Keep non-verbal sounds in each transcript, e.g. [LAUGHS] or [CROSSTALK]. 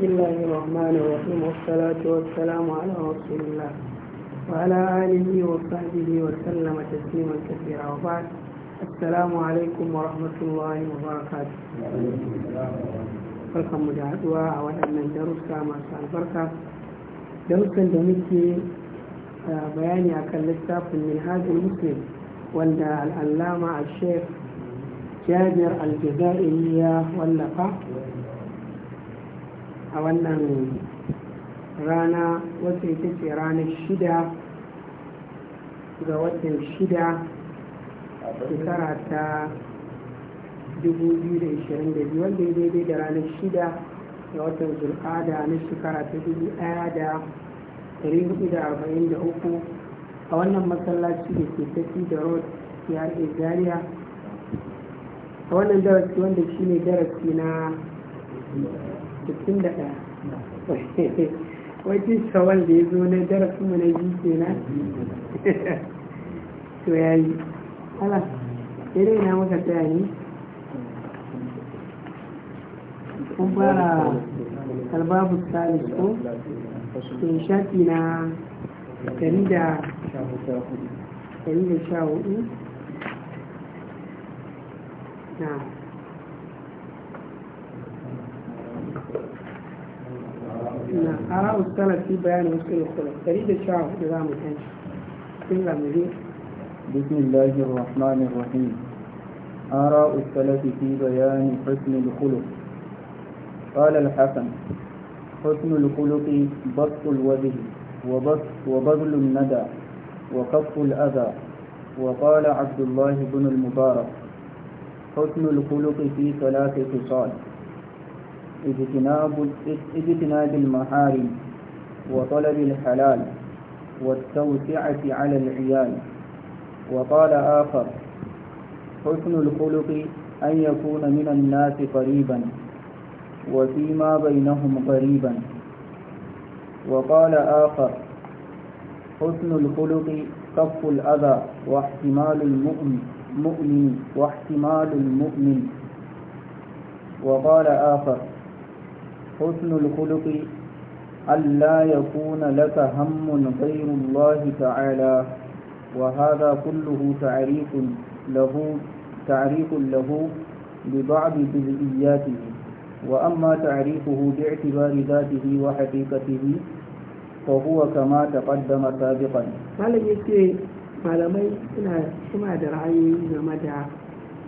بسم الله الرحمن الرحيم والصلاة والسلام على رسول الله وعلى آله وصحبه وسلم تسليما كثيرا وبعد السلام عليكم ورحمة الله وبركاته barkan mu da haɗuwa a waɗannan darussa masu albarka darussan da muke bayani akan littafin minhajul muslim wanda al'allama a sheikh jabir al ya wallafa a wannan rana wata ita ce ranar shida ga watan shida shekara ta 2022 wanda ya daidai da ranar shida ga watan zulkada na shekara ta 1443 a wannan masallaci da ke tafi da road ya zaria a wannan darasi wanda shi ne darasi na 61 wajen da ya zo na darasin mu na biyu na [LAUGHS] to ya yi ala ire na muka tsaya ne kun fara albabu salis ko ke shafi na hudu na na ara ustana fi bayanin wasu ilkula dari da sha hudu za mu kanci cikin lamari بسم الله الرحمن الرحيم آراء السلف في بيان حسن الخلق قال الحسن حسن الخلق بسط الوجه وبذل الندى وقف الأذى وقال عبد الله بن المبارك حسن الخلق في ثلاث خصال اجتناب اجتناب المحارم وطلب الحلال والتوسعة على العيال وقال آخر حسن الخلق أن يكون من الناس قريبا وفيما بينهم قريبا وقال آخر حسن الخلق كف الأذى واحتمال المؤمن واحتمال المؤمن وقال آخر حسن الخلق ألا يكون لك هم غير الله تعالى وهذا كله تعريف له تعريف له ببعض جزئياته وأما تعريفه باعتبار ذاته وحقيقته فهو كما تقدم سابقا قال يكي malamai suna da ra'ayoyi game da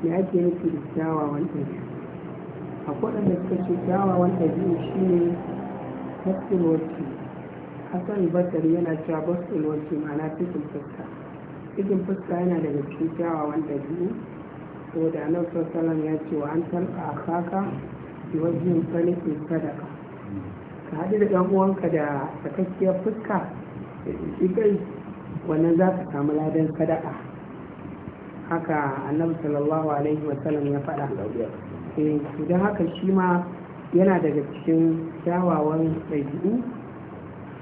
me ake nufi da kyawawan ɗabi'a akwai waɗanda suka ce kyawawan ɗabi'u shi ne basul wacce hasan basari yana cewa basul wacce ma'ana cikin fuska cikin fuska yana daga cikin kyawawan ɗabi'u saboda annabi salam ya ce wa an a faka bi wajen salihin sadaka ka haɗu da ɗan uwanka da sakakkiyar fuska shi kai wannan za ka samu ladan sadaka haka annabi sallallahu alaihi wasallam ya faɗa eh don haka shi ma yana daga cikin kyawawan ɗabi'u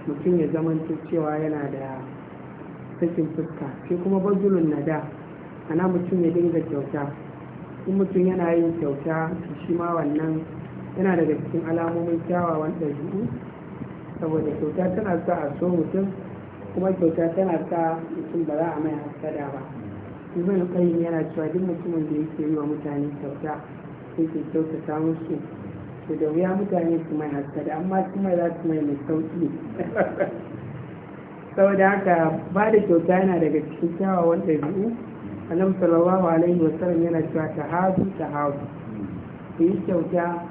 mutum ya zama cewa yana da sakin fuska sai kuma bazulun nada ana mutum ya dinga kyauta in mutum yana yin kyauta shi ma wannan yana daga cikin alamomin kyawawan ɗabi'u saboda kyauta tana sa a so mutum kuma kyauta tana sa mutum ba za a mai hasada ba ibn qayyim yana cewa duk mutumin da yake yi wa mutane kyauta kyauta kyautata musu Su da wuya mutane su mai da amma su mai za su mai mai sauki [LAUGHS] saboda haka ba da kyauta yana daga cikin kyawawan ɗabi'u annabi sallallahu alaihi wasallam yana cewa "Ta ta hazu ku yi kyauta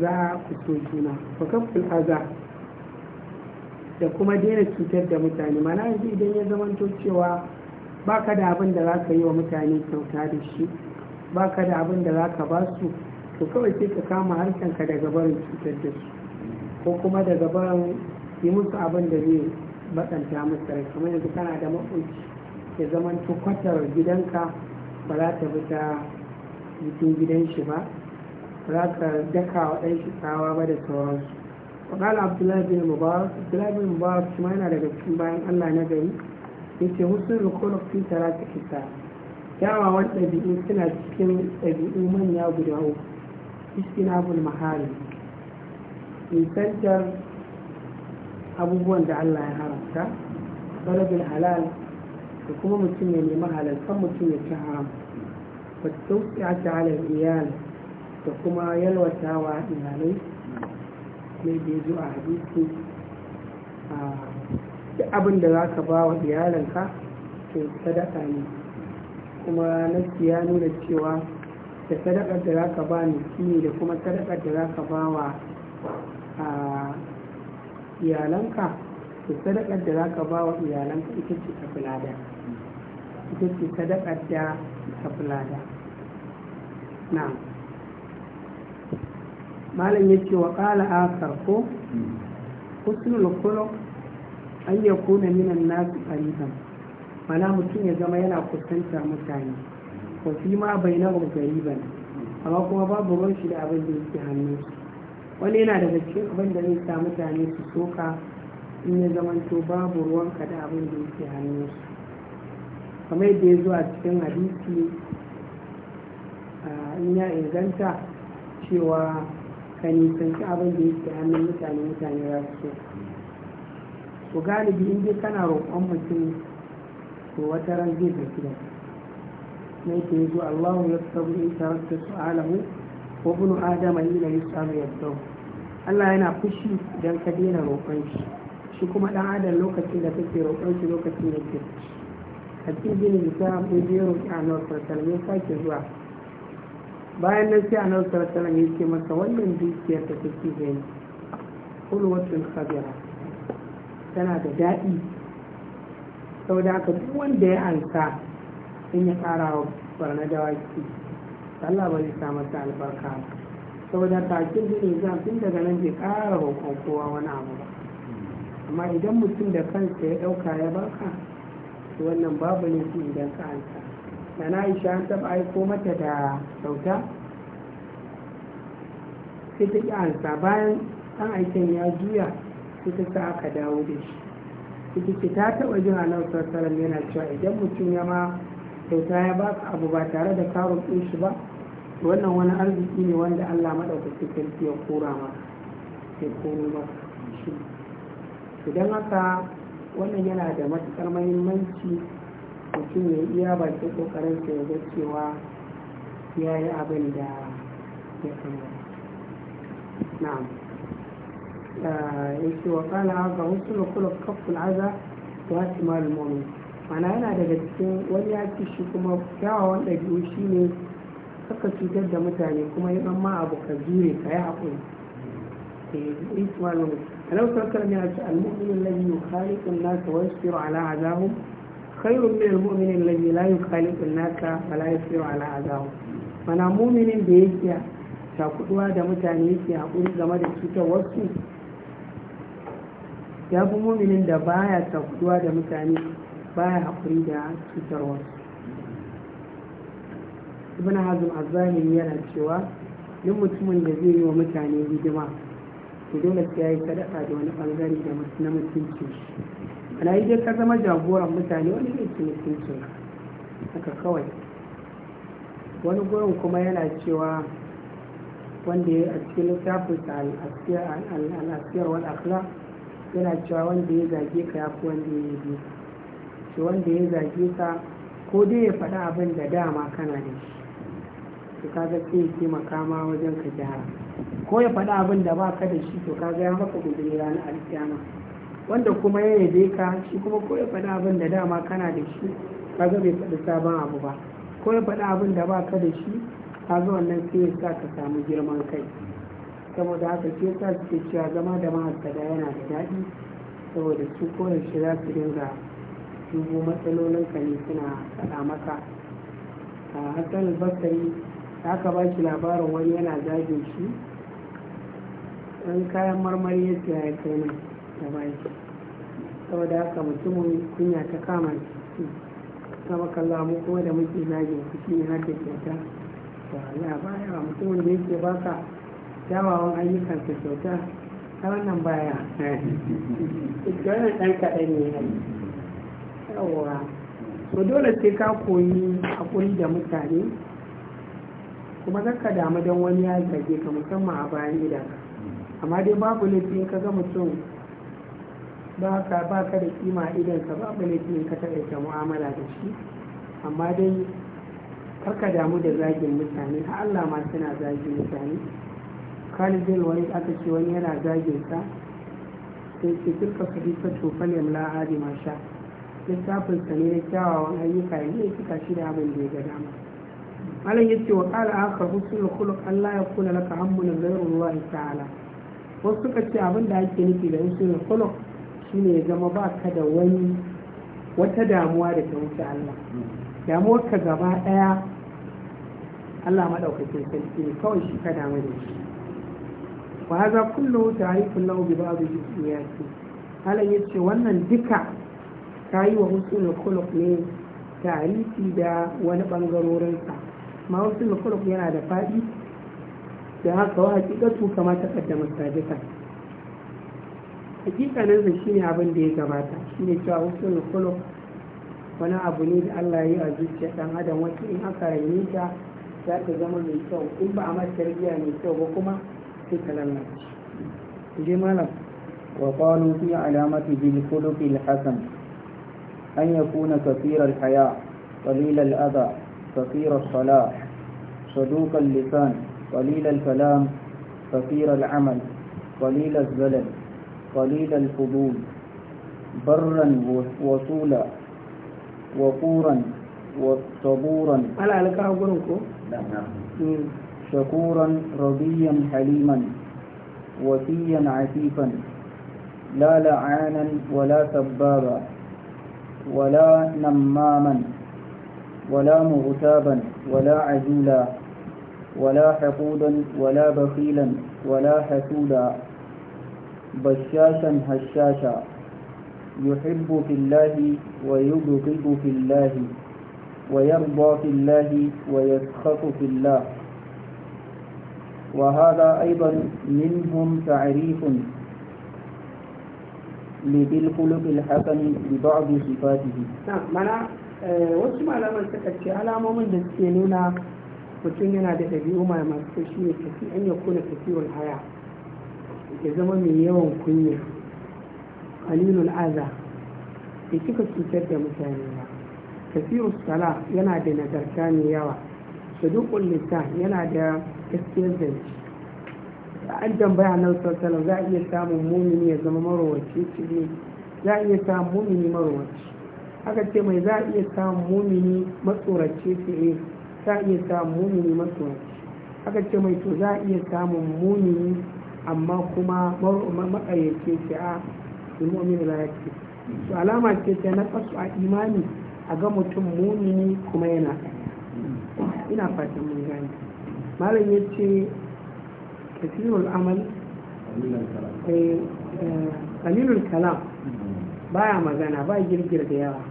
za ku so juna ku aza da kuma daina cutar da mutane mana yanzu idan ya zamanto cewa ka da abin da za ka yi wa mutane kyauta da shi ba ka da abin da za ka ba su to kawai sai ka kama harshenka daga barin cutar da su ko kuma daga barin yi musu abin da zai matsanta musu rai kamar yanzu kana da maƙoci ya zaman tukwatar gidanka ba za ta fita jikin gidan shi ba ba za ka daka wa ɗan shi tsawa ba da sauransu وقال عبد الله بن مبارك عبد الله بن مبارك ما لك bayan Allah na gari yace husnul khuluq fi salati kitab kyawawan ɗabi'u suna cikin ɗabi'u manya guda uku istinabul mahari nisantar abubuwan da Allah ya haramta talabul halal da kuma mutum ya nemi halal kan mutum ya ci haram ba wa tawfi'ata ala iyal da kuma wa iyalai mai da zo a hadisi duk abin da za ka ba wa iyalanka ke sadaka ne kuma nasi ya nuna cewa da sadakar da za ka ba ni miskini da kuma sadakar da za ka ba wa a iyalanka da sadakar da za ka ba wa iyalanka ita ce ta fulada ita ce sadakar da ta fulada na malam ya ce wa kala a ko hmm. husnul khuluq an yakuna minan nasu qariban mana mutum ya zama yana fuskantar mutane ko fi ma bai na gari ba ne amma kuma babu ruwan shi da abin da yake hannu wani yana daga cikin abin da zai sa mutane su soka in ya zamanto babu ruwan ka da abin da yake hannu kamar yadda ya zuwa cikin hadisi ah, in ya inganta cewa ka nisanci abin da yake hannun mutane mutane za su so galibi in dai kana roƙon mutum to wata ran zai tafi da na yake yi zuwa Allah ya tsabu in tarakta alamu ko bunu adama ila yus'alu yabdahu Allah yana fushi idan ka daina roƙon shi shi kuma ɗan adam lokacin da kake roƙon shi lokacin da ke a cikin da ta abu da ya roƙi a nan sarsalam ya sake zuwa bayan nan sai a nan sarsalam ya ce masa wannan dukiyar da kake gani kulwatun kabira tana da daɗi saboda haka duk wanda ya ansa in ya ƙara wa barna da waki Allah ba zai samu ta albarka saboda bakin zai za tun daga nan bai ƙara wa kowa wani abu ba amma idan mutum da kansa ya ɗauka ya barka, to wannan babu ne su idan ka ansa da na aisha an taɓa aiko mata da kyauta sai ta ƙi ansa bayan ɗan aikin ya juya sai ta sa aka dawo da shi ita ta taɓa jin annabi sallallahu yana cewa idan mutum ya ma kyauta ya ba ka abu ba tare da karon ɗin shi ba wannan wani arziki ne wanda Allah maɗaukaki sarki ya kora ma ke koro ba shi idan haka wannan yana da matukar mahimmanci mutum ya iya ba bakin ƙoƙarinsa ya ga cewa ya yi abin da ya kamata na'am yake wa kala ga wasu lokula kafin aza wa timar mumin mana yana daga cikin wani ya ci shi kuma kyawawan ɗabi'u shi ne kaka cutar da mutane kuma yi ma abu ka jure ka yi haƙuri alau sarkar ne a ce al-mu'minin lalli yukhaliqun nasa wa yasiru ala azahum khairun min al-mu'minin lalli la yukhaliqun nasa wa la yasiru ala azahum mana mu'minin da yake shakuduwa da mutane yake haƙuri game da cutar wasu ya fi muminin da baya takuwa da mutane baya haƙuri da cutarwa ibn hazm azzahiri yana cewa duk mutumin da zai yi wa mutane hidima to dole sai ya yi sadaka da wani bangare da na mutunci ana yi dai ka zama jagoran mutane wani zai ci mutuncin haka kawai wani gurin kuma yana cewa wanda ya yi a cikin littafin al'asiyar wal akhlaq yana cewa wanda ya zage ka ya fi wanda ya yi shi wanda ya zage ka ko dai ya faɗi abin da dama kana da shi to ka sai ya taimaka ma wajen ka gyara ko ya faɗi abin da ba ka da shi to kaga ya maka gudun ranar alkiyama wanda kuma ya yi ka shi kuma ko ya faɗi abin da dama kana da shi kaga bai faɗi sabon abu ba ko ya faɗi abin da ba ka da shi ka kaga wannan sai ya sa ka samu girman kai saboda haka ke sa suke cewa zama da mahaskada yana da daɗi saboda su koyaushe za su dinga dubu matsalolin ka ne suna faɗa maka a hassan ta ka ba shi labarin wani yana zagin shi ɗan kayan marmari ya siya ya kai ne da shi saboda haka mutumin kunya ta kama shi kama kalla mu kuma da muke zagin shi ne har da kyauta to Allah baya mutumin da yake baka kyawawan ayyukansa kyauta ta wannan baya wannan ɗan kaɗan ne yawa to dole sai ka koyi haƙuri da mutane kuma ka damu don wani ya zage ka musamman a bayan idanka amma dai babu laifin ka ga mutum ba ka ba ka da kima a ka babu laifin ka taƙaita mu'amala da shi amma dai karka damu da zagin mutane har Allah ma suna zagin mutane kalibin wani aka ce wani yana zagin sa sai ce tilka sahifa to falyam la hadi ma sha littafin sa ne kyawawan ayyuka ne ya cika shi da abin da ya ga dama malam yake wa qala akhar da khuluq Allah ya kula laka hammun ruwa Allah ta'ala wasu suka ce abin da ake nufi da husnul shi shine ya zama ba ka da wani wata damuwa da ta wuce Allah damuwar ka gaba daya Allah maɗaukakin sarki ne kawai shi ka damu da shi wa haza kullu ta'rifun lahu bi ba'd al-juz'iyati halan yace wannan duka kayi wa usul khuluq ne ta'rifi da wani bangarorin sa ma usul khuluq yana da fadi da haka wa hakikatu kama ta kaddama sabiqan hakikanin sa shine abin da ya gabata shine cewa usul khuluq wani abu ne da Allah ya yi a zuciya dan adam wacce in aka rayu ta za ta zama mai kyau in ba a mata tarbiyya mai kyau ba kuma وقالوا في علامة بالخلق الحسن أن يكون كثير الحياء قليل الأذى كثير الصلاة صدوق اللسان قليل الكلام كثير العمل قليل الزلل قليل الفضول برا وصولا وقورا وصبورا هل على كهو قرنكو؟ نعم, نعم. شكورا رضيا حليما وفيا عفيفا لا لعانا ولا سبابا ولا نماما ولا مغتابا ولا عجولا ولا حقودا ولا بخيلا ولا حسودا بشاشا هشاشا يحب في الله ويبغض في الله ويرضى في الله ويسخط في الله وهذا أيضا منهم تعريف لبالخلق الحسن لبعض صفاته نعم أنا آه، وش ما لما تكتشي على مومن دسينونا وكين ينا دهبي وما لما تكتشي كثير أن يكون كثير الحياة يزم من يوم كنية قليل الأذى يتكى السلطة مكانية كثير الصلاة ينادي دي نذركاني يوا صدوق اللسان ينادي gaskiyar zance an tambaya na sallallahu za a iya samun mumini ya zama marowaci shi za a iya samun mumini marowaci aka ce mai za a iya samun mumini matsoraci fiye za a iya samun mumini matsoraci aka ce mai to za a iya samun mumini amma kuma makayyace shi a mu'min la yake to alama ce ta na kasu a imani a ga mutum mumini kuma yana ina fatan mun gane malam ya ce kasirul amal kalilul eh, eh, kalam baya magana ba girgir da yawa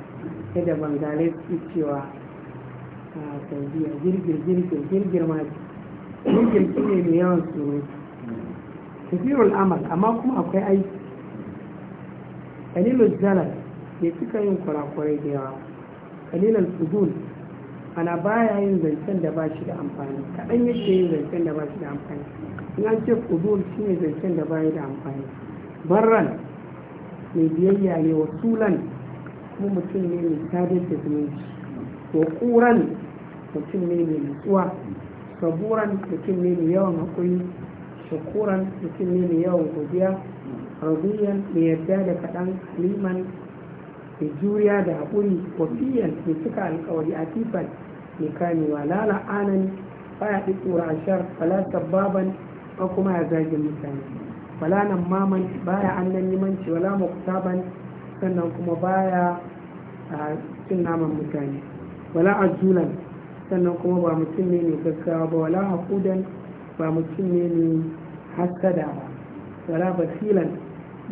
da bangalai su cewa a saudiya girgir girgir girgir ma girgir ne mai yawan tsoro kasirul amal amma kuma akwai aiki kalilul zalar ya cika yin kurakurai da yawa kalilul fudul ana baya yin zancen da ba shi da amfani kaɗan yake yin zancen da ba shi da amfani in an ce kudur shi ne zancen da ba shi da amfani barran mai biyayya ne wa tulan kuma mutum ne mai sadar da zumunci wa kuran mutum ne mai nutsuwa saburan mutum ne mai yawan haƙuri shakuran mutum ne mai yawan godiya rabiyan mai yarda da kaɗan liman da juriya da haƙuri kofiyan mai cika alkawari a tifan mai kamewa lala anan baya ɗiɗɗura a shar wala sababan ko kuma ya zagin mutane wala nan maman baya annan limanci wala muktaban sannan kuma baya cin naman mutane wala azulan sannan kuma ba mutum ne mai gaggawa ba wala haƙudan ba mutum ne mai hasada ba wala basilan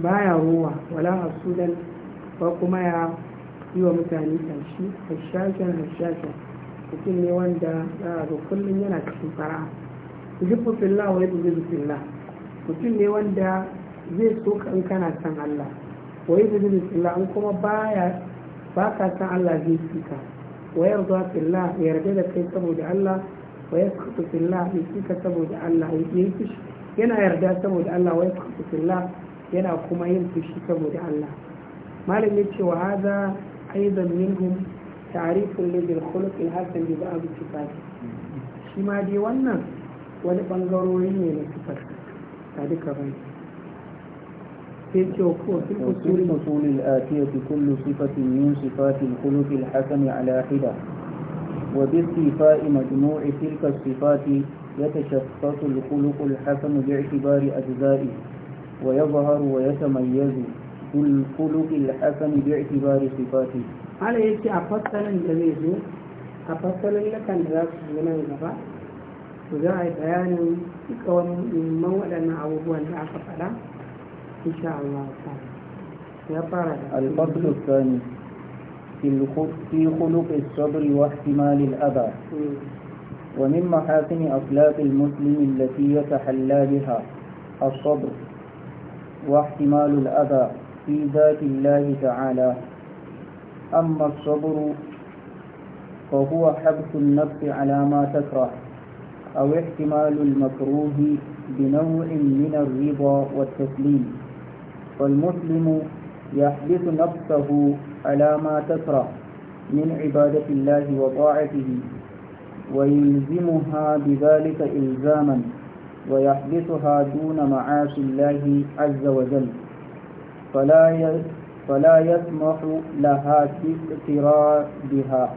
baya ruwa wala hasudan ba kuma ya yi wa mutane ƙarshe hashashen hashashen mutum ne wanda ya ga kullum yana cikin fara yuhibbu filla wa yuhibbu filla mutum ne wanda zai so in kana san Allah wa yuhibbu filla in kuma baya ba ka san Allah zai ka wa yarda ya yarda da kai saboda Allah wa yasqutu filla ya ka saboda Allah ya yi fushi yana yarda saboda Allah wa yasqutu filla yana kuma yin fushi saboda Allah malam ya ce wa hadha aidan minhum تعريف اللي بالخلق khuluq al hasan بقى ba'd شما دي وانا dai wannan من bangarori ne na في الفصول الآتية كل صفة من صفات الخلق الحسن على حدة وباستيفاء مجموع تلك الصفات يتشخص الخلق الحسن باعتبار أجزائه ويظهر ويتميز بالخلق الحسن باعتبار صفاته لك ആളേക്ക് അപ്പത്തലം ജനിച്ചു അപ്പത്തലിലെ കണ്ടതാ സുഖമായ ദയാനും ഇക്കോന്നും അവന്റെ അപ്പത്തല الفضل الثاني في في خلق الصبر واحتمال الأذى ومن محاسن أخلاق المسلم التي يتحلى بها الصبر واحتمال الأذى في ذات الله تعالى أما الصبر فهو حبس النفس على ما تكره أو احتمال المكروه بنوع من الرضا والتسليم فالمسلم يحبس نفسه على ما تكره من عبادة الله وطاعته ويلزمها بذلك إلزاما ويحبسها دون معاش الله عز وجل فلا فلا يسمح لها في اقترابها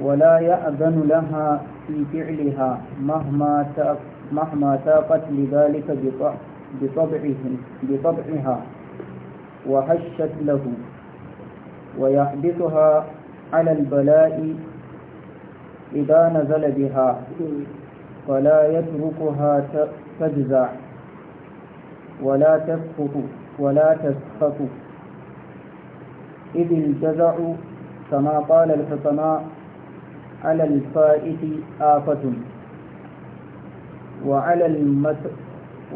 ولا يأذن لها في فعلها مهما مهما تاقت لذلك بطبعه بطبعها وهشت له ويحدثها على البلاء إذا نزل بها فلا يتركها تجزع ولا تسقط ولا تسخط إذ الجزع كما قال الحكماء على الفائت آفة وعلى المت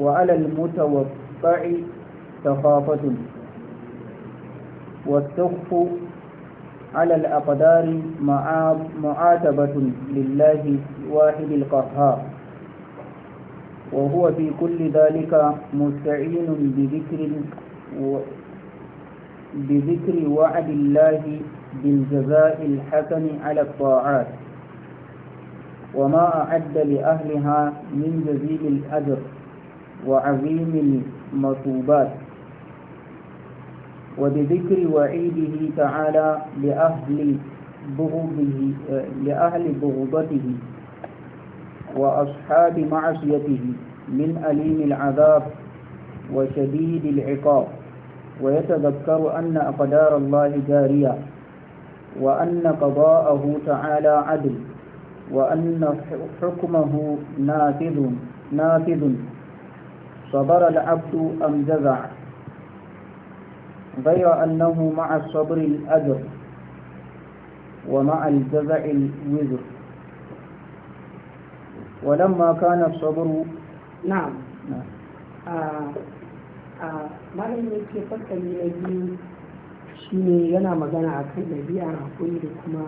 وعلى المتوقع سخافة والسخف على الأقدار معاتبة لله واحد القهار وهو في كل ذلك مستعين بذكر و... بذكر وعد الله بالجزاء الحسن على الطاعات وما أعد لأهلها من جزيل الأجر وعظيم المصوبات وبذكر وعيده تعالى لأهل بغضه لأهل بغضته وأصحاب معصيته من أليم العذاب وشديد العقاب ويتذكر أن أقدار الله جارية وأن قضاءه تعالى عدل وأن حكمه نافذ نافذ صبر العبد أم جزع غير أنه مع الصبر الأجر ومع الجزع الوزر walamma kana sabru na'am malam da ke fakari na biyu shine yana magana a kan ɗabi'ar hakuri da kuma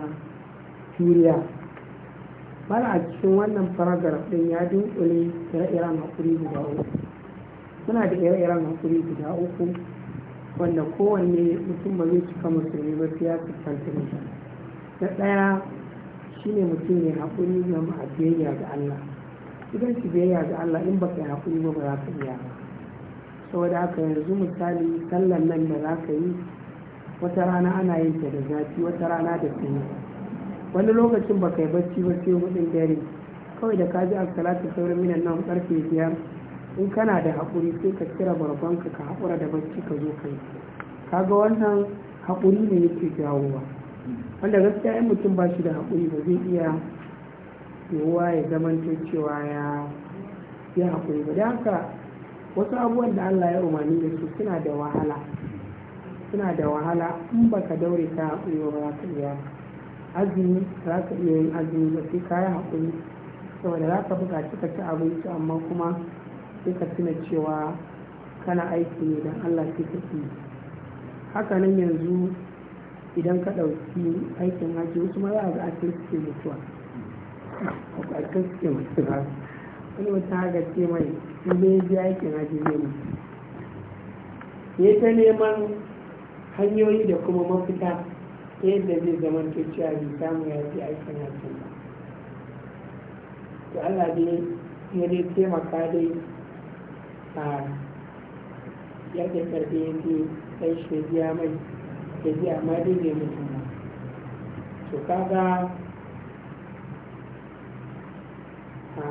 juriya Bana a cikin wannan faragraf ɗin ya dunkule ire-iren hakuri guda uku Suna da ire-iren hakuri guda uku wanda kowanne mutum ba zai cika musulmi ba sai ya fuskanta da na ɗaya shine mutum ne hakuri na biyayya ga Allah idan shi biyayya ga Allah in baka yi hakuri ba ba za ka iya ba saboda haka yanzu misali sallan nan da za ka yi wata rana ana yin ta da zafi wata rana da sanyi wani lokacin baka yi bacci ba sai hudun dare kawai da ka ji salatu sauran minan nan karfe biyar in kana da hakuri, sai ka kira barbanka ka haƙura da bacci ka zo kai kaga wannan hakuri ne yake jawowa wanda gaskiya yan mutum ba shi da haƙuri ba zai iya yiwuwa ya zamanta cewa ya ya haƙuri ba da haka wasu abubuwan da allah ya umarni da su suna da wahala suna da wahala in ba ka daure ka haƙuri ba za ka iya azumi za ka iya yin azumi ba sai ka yi haƙuri saboda za ka buƙaci ka ci abinci amma kuma sai ka tuna cewa kana aiki ne don allah sai ka haka nan yanzu idan ka ɗauki aikin haji wasu ma za a ga a suke mutuwa a kai suke mutuwa wani wata haka ce mai inda ya ji aikin haji zai mu ya ta neman hanyoyi da kuma mafita ta yadda zai zama to cewa bai samu ya je aikin haji ba to Allah dai ya dai taimaka dai a yadda karfe ya ce ɗan shi biya mai tafi amma dai bai mutu ba to kaga a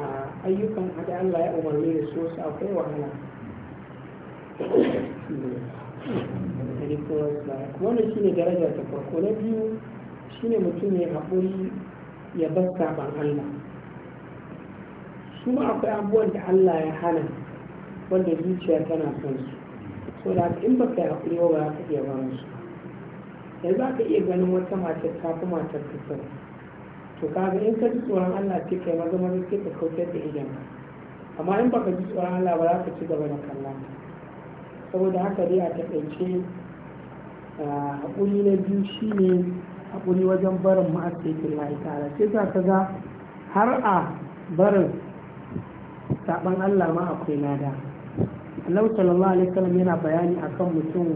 ayyukan ada Allah ya umarni da su akwai wahala wanda shi ne darajar ta farko na biyu shi ne mutum ya haƙuri ya baska ban Allah su akwai abubuwan da Allah ya hana wanda zuciya tana son su so da in ba ka haƙuri ba ba ka iya ba musu sai za ka iya ganin wata mace ta fi matar ka kyau to kaga in ka ji tsoron Allah sai kai maza maza sai ka kautar da idan amma in baka ji tsoron Allah ba za ka ci gaba da kallon saboda haka dai a taƙaice ah, haƙuri na biyu shine haƙuri wajen barin ma'asikin lahi ta'ala sai za ka ga har a barin saɓan Allah ma akwai nada Allah sallallahu alaihi wasallam yana bayani akan mutum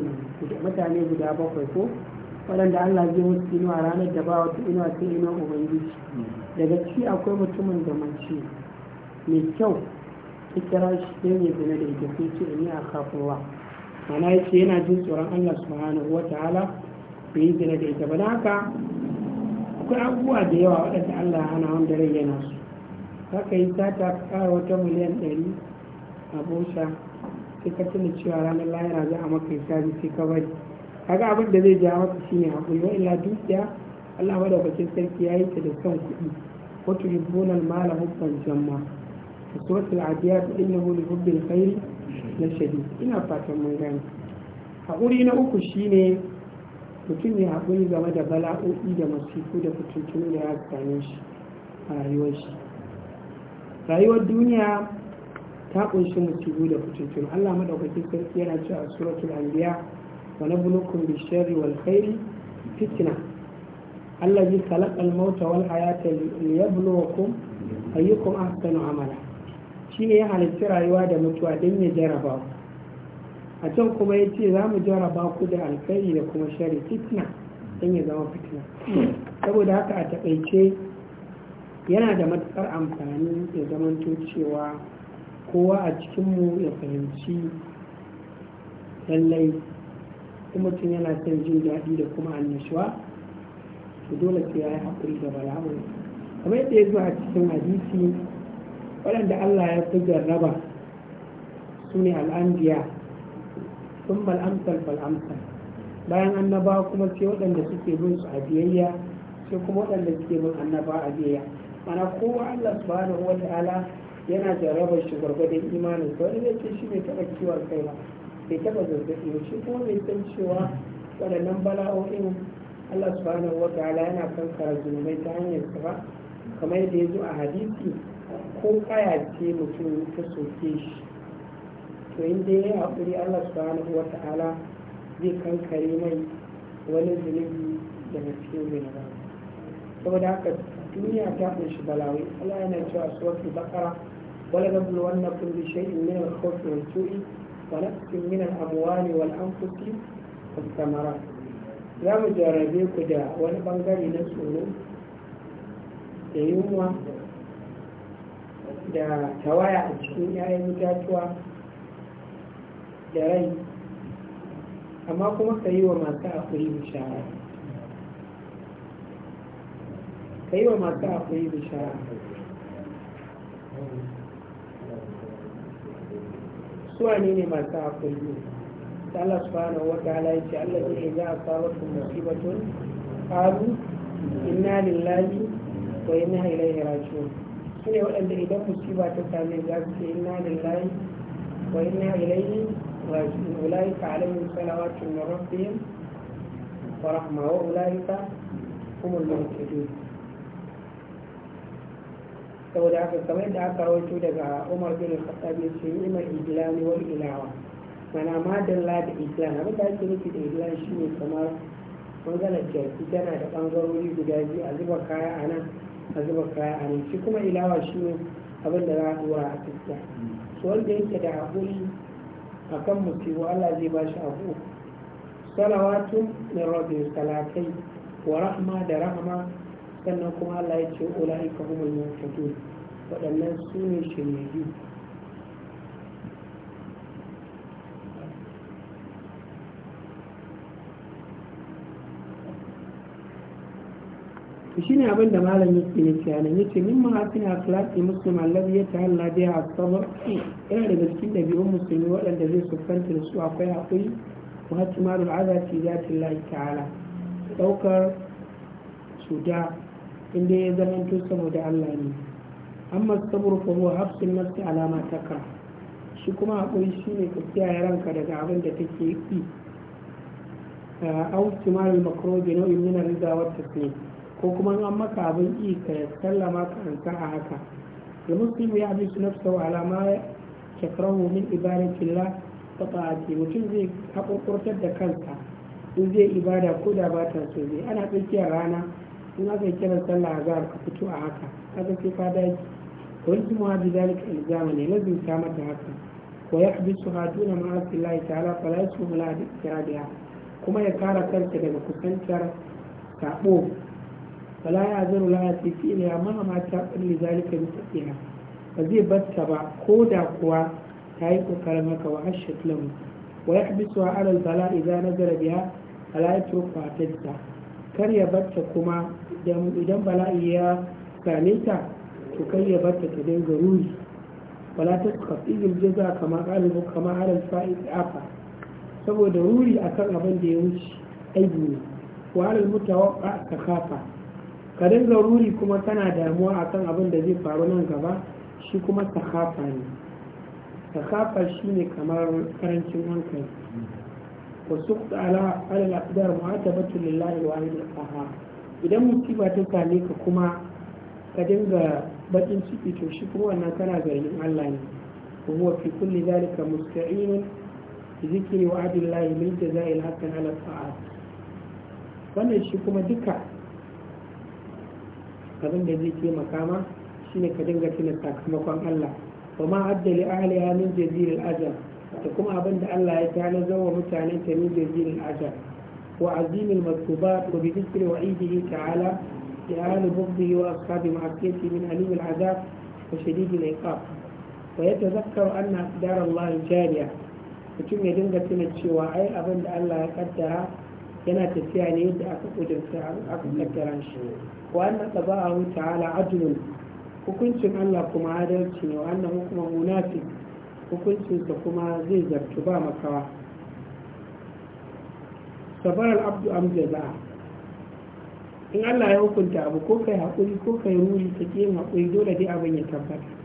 mutane guda bakwai ko waɗanda Allah zai musu inuwa ranar da ba wata inuwa sai inuwa ubangiji daga ciki akwai mutumin da mace mai kyau ta kira shi sai mai zina da ita sai ce ni a kafuwa mana ya ce yana jin tsoron Allah subhanahu wa ta'ala bai yi zina da ita ba haka akwai abubuwa da yawa waɗanda Allah hana wanda rai yana su haka yi sata kara wata miliyan ɗari a bosa sai ka tuna cewa ranar lahira za a maka hisabi sai ka bari kaga abin da zai ja maka shine hakuri wa illa dukiya Allah madaukakin sarki ya yi ta da son kuɗi wa tuhibbuna al-mala hubban jamma suratul adiyat innahu li hubbil kairi la shadid ina fatan mun gani hakuri na uku shine mutum ya hakuri game da bala'o'i da masifu da fitintunu da ya same shi a rayuwar shi rayuwar duniya ta kunshi musibu da fitintunu Allah madaukakin sarki yana cewa suratul anbiya ونبلوكم بالشر والخير فتنة الذي خلق الموت والحياة ليبلوكم أيكم أحسن عملا shine ya halitta rayuwa da mutuwa don ya jaraba ku a can kuma ya ce za mu jarraba ku da alkhairi da kuma shari fitna don ya zama fitna saboda haka a taƙaice yana da matuƙar amfani ya zamanto cewa kowa a cikinmu ya fahimci lallai kuma mutum yana son jin daɗi da kuma annashuwa to dole sai ya yi haƙuri da bala'u kamar yadda ya zuwa cikin hadisi waɗanda Allah ya fi jarraba su ne al'andiya sun bal'amsal bal'amsal bayan annaba kuma sai waɗanda suke bin su a biyayya sai kuma waɗanda suke bin annaba a biyayya mana kowa Allah subhanahu wa ta'ala yana jarrabar shi gwargwadon imanin sa wani zai ce shi ne taɓa kiwon kai ba bai taba zazzaɓi ba shi kuma bai san cewa waɗannan bala'o'in Allah subhanahu wa ta'ala yana kankara zunubai ta hanyar sa ba kamar yadda ya zo a hadisi ko kaya ce mutum ta soke shi to in dai ya haƙuri Allah subhanahu wa ta'ala zai kankare mai wani zunubi daga cikin zunubai saboda haka duniya ta kunshi bala'o'i Allah yana cewa suratul baqara wala nabluwannakum bi shay'in min al-khawfi wal-ju'i ونفس من الأموال والأنفس والثمرات za mu jarrabe ku da wani bangare na tsoro da yunwa da tawaya a cikin 'ya'yan itatuwa da rai amma kuma ka yi wa masu akwai bishara suwa ne ne masu haƙuri ne Allah subhanahu wa ta'ala yace Allah ne idza asabatkum musibatun qalu inna lillahi wa inna ilaihi raji'un sune waɗanda idan musiba ta same za su ce inna lillahi wa inna ilaihi raji'un ulaika alaihim salawatun min rabbihim wa rahma wa ulaika humul muhtadun saboda haka kamar da aka rawaito daga umar bin khattab ya ce mai ijlani wa ilawa mana madalla da ijlan abin da ake nufi da ijlan shine kamar bangaren jaki tana da bangarori guda biyu a zuba kaya a nan a zuba kaya a nan shi kuma ilawa shine abin da za a dora a tafiya su wanda yake da haƙuri a kan musibu allah zai ba shi abu salawatu min rabbi salatai wa rahma da rahma sannan kuma Allah ya ce ulai ka humul muhtadun waɗannan su ne shirye shi ne abin da malam yake ne ke nan yace min mahasin akhlaqi muslim ta hannu biha as-sabr yana gaske da biyu musulmi waɗanda zai sufanta da su akwai hakuri wa hatimaru azati zati Allah ta'ala daukar su da in dai ya zama zamanto da Allah ne amma sabur fa huwa hafsin nafsi alama taka shi kuma haƙuri shi ne ka kiyaye ranka daga abin da take yi au timal makro bi nau'in min riga wata wa ko kuma an maka abin yi ka sallama ka anka a haka da muslimu ya bi nafsahu alama yakrahu min ibadatillah wa ta'ati mutum zai haƙurƙurtar da kansa in zai ibada ko da ba ta so ana tsakiyar rana in aka yi kiran sallah a azhar ka fito a haka kaga sai ka dage wani kuma bi zalika ilzama ne lazim ta mata haka wa yahbisu haduna ma'a Allah ta'ala fala yasmu da iktiradiha kuma ya kara kansa daga kusantar sabo fala ya zuru la ya tafi ne amma ma ta kulli zalika bi tafiya ba zai batta ba ko da kuwa ta yi kokarin haka wa ashat lahu wa yahbisu ala al-bala idza nazara biha fala yatruku hatta kar ya batta kuma idan bala'i ya same ta to kar ya batta ta dinga ruri wala ta kafin jaza kama ƙalibu kama alal fa'i afa saboda ruri akan abin da ya wuce aibu ne wa alal mutawaqqa ka kafa ka dinga ruri kuma kana damuwa akan abin da zai faru nan gaba shi kuma ta ne ta kafa shine kamar karancin hankali والسقط على على الأقدار معاتبة لله الواحد القهار idan musiba ta same ka kuma ka dinga bakin ciki to shi kuma wannan kana zargin Allah ne wa huwa fi kulli zalika musta'inun bi zikri wa adillahi bil jaza'il haqqan ala ta'at wannan shi kuma duka abin da zai taimaka ma shine ka dinga tuna sakamakon Allah wa ma adda li ahliha min jaziril ajal da kuma abin da Allah ya na zawa mutanen ta da jirgin ajar wa azimin matuba ko bi dhikri wa ta'ala ya ahli bughdihi wa ashabi ma'asiyati min alim al'azab wa shadid al'iqab wa an na aqdar Allah jariya mutum ya dinga tuna cewa ai abin da Allah ya kaddara yana tafiya ne yadda aka kudurta aka kaddara shi wa anna tabahu ta'ala adlun hukuncin Allah kuma adalci ne wa na kuma munafi. hukuncinsa kuma zai zartu ba makawa sabar al'abdu am jaza in allah ya hukunta abu ko kai haƙuri ko kai ruri ka ke haƙuri dole dai abin ya tabbata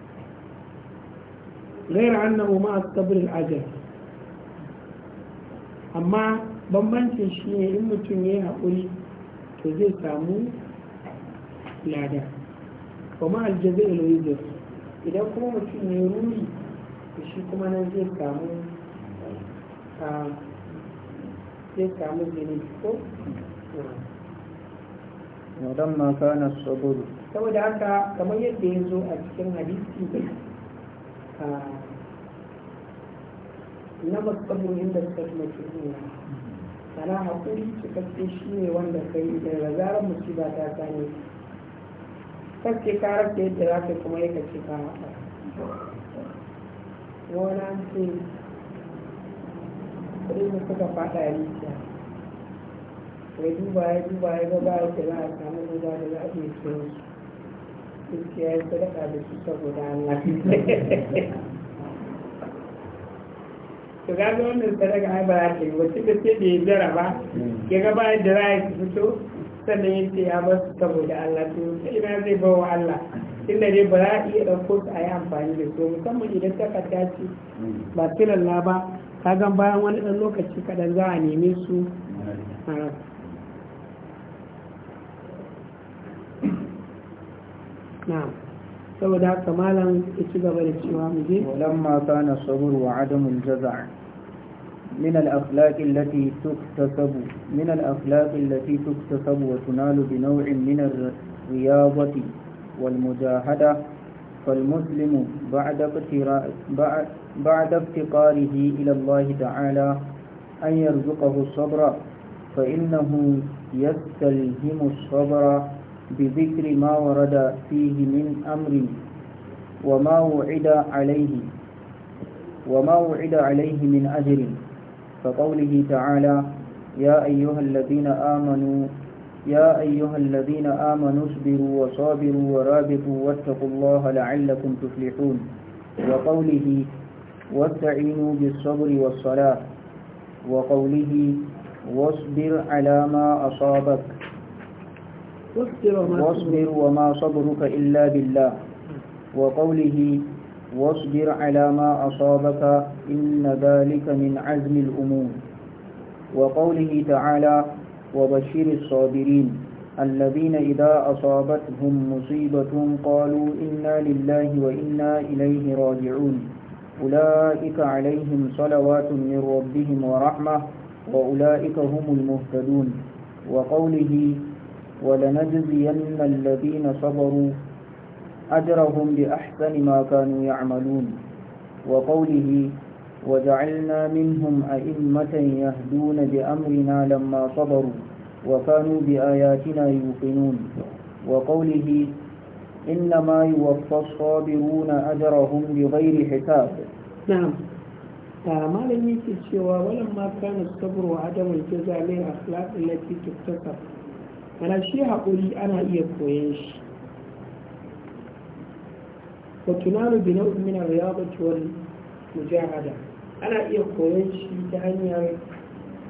غير ma مع الصبر ajal amma bambancin shi ne in mutum ya yi haƙuri to zai samu lada kuma aljazair idan kuma mutum ya yi ruri shi kuma nan zai a zai kamu zini ko Wadan maka na saburu saboda haka kamar yadda ya zo a cikin hadisi na matsabin inda suka fi mutum sana haƙuri cikakke shi ne wanda ka yi da zarar musiba ta sani kaske karar da yadda za ka kuma yaka ce ka haɗa gona ce kudin da suka fada rijiya ya duba ya duba ya ga baya da za a samu guda da a iya cin su sai ya yi sadaka da su saboda Allah to ga ga wannan sadaka ai ba ta yi wacce da sai da ya jaraba ya ga baya da a fito sannan ya ce ya ba su saboda Allah sai na zai bawa Allah inda dai ba za a iya ɗauko su a yi amfani da su musamman idan takarda ce hmm. ba tilalla ba gan bayan wani ɗan lokaci kaɗan za a neme su na'am saboda haka malam ya ci gaba da cewa mu je lamma kana sabr wa adamul jaza' من الأخلاق التي تكتسب من الأخلاق التي تكتسب وتنال بنوع من الرياضة والمجاهدة فالمسلم بعد, بعد افتقاره إلى الله تعالى أن يرزقه الصبر فإنه يستلهم الصبر بذكر ما ورد فيه من أمر وما وعد عليه وما وعد عليه من أجر فقوله تعالى يا أيها الذين آمنوا يا أيها الذين آمنوا اصبروا وصابروا ورابطوا واتقوا الله لعلكم تفلحون وقوله واستعينوا بالصبر والصلاة وقوله واصبر على ما أصابك واصبر وما صبرك إلا بالله وقوله واصبر على ما أصابك إن ذلك من عزم الأمور وقوله تعالى وبشر الصابرين الذين إذا أصابتهم مصيبة قالوا إنا لله وإنا إليه راجعون أولئك عليهم صلوات من ربهم ورحمة وأولئك هم المهتدون وقوله ولنجزين الذين صبروا أجرهم بأحسن ما كانوا يعملون وقوله وجعلنا منهم أئمة يهدون بأمرنا لما صبروا وكانوا بآياتنا يوقنون وقوله إنما يوفى الصابرون أجرهم بغير حساب نعم ما لم يكن سوى ولما كان الصبر وعدم الجزاء للأخلاق التي تكتسب أنا شيء أقول أنا إيه كويش وتنال بنوع من الرياضة والمجاهدة ana iya koyon shi ta hanyar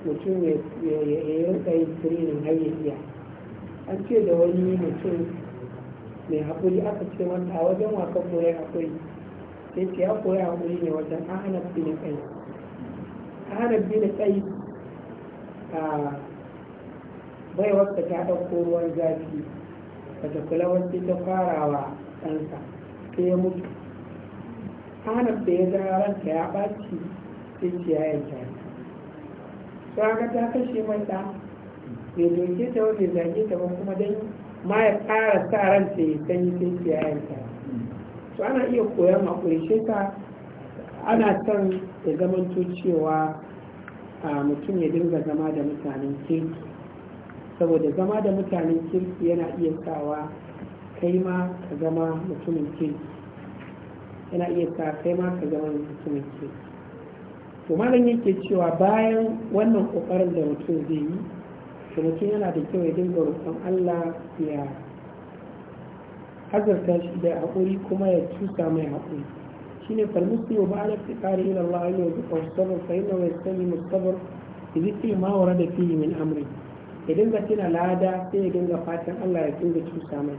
mutum ya rinka yin training har iya an ce da wani mutum mai haƙuri aka ce mata a wajen waka koyar haƙuri sai ce ya koya haƙuri ne wajen ahana na kai ahana na kai a bai wata ta ɗauko ruwan zafi bata kula wasu ta farawa ɗansa sai ya mutu ahana da ya zara ranta ya ɓaci sai ce ya yanke haka ta kashe mai da bai doke ta wani zage ta ba kuma dai ma ya ƙara sa ran ta yi sanyi sai ce ya yanke to ana iya koyon haƙuri shi ka ana son ya zamanto cewa mutum ya dinga zama da mutanen kirki saboda zama da mutanen kirki yana iya sawa kai ma ka zama mutumin kirki yana iya sa kai ma ka zama mutumin kirki to malam yake cewa bayan wannan kokarin da mutum zai yi to mutum yana da kyau ya dinga roƙon Allah ya azarta shi da haƙuri kuma ya cusa mai haƙuri shine falmuslimu ba ala fiqari ila Allah ya yuzuqa sabr fa inna yastamu sabr idhi da warada fihi min amri ya dinga tina lada sai ya dinga fatan Allah ya dinga cusa mai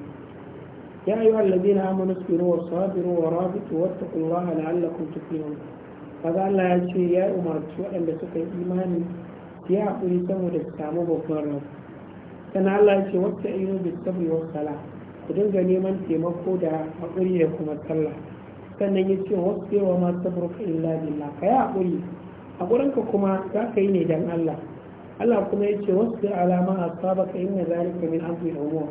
يا أيها الذين sabiru wa وصابروا ورابطوا واتقوا الله لعلكم تفلحون kaza Allah ya ce ya umarci waɗanda suka yi imani ya haƙuri saboda su samu babban rabo sannan Allah ya ce wata ino bi sabri wa sala ku dinga neman taimako da haƙuri da kuma sallah sannan ya ce wasu wa ma sabruka illa billah ka yi haƙuri ka kuma za ka yi ne dan Allah Allah kuma ya ce wasu alama a saba ka inna zalika min azmi umur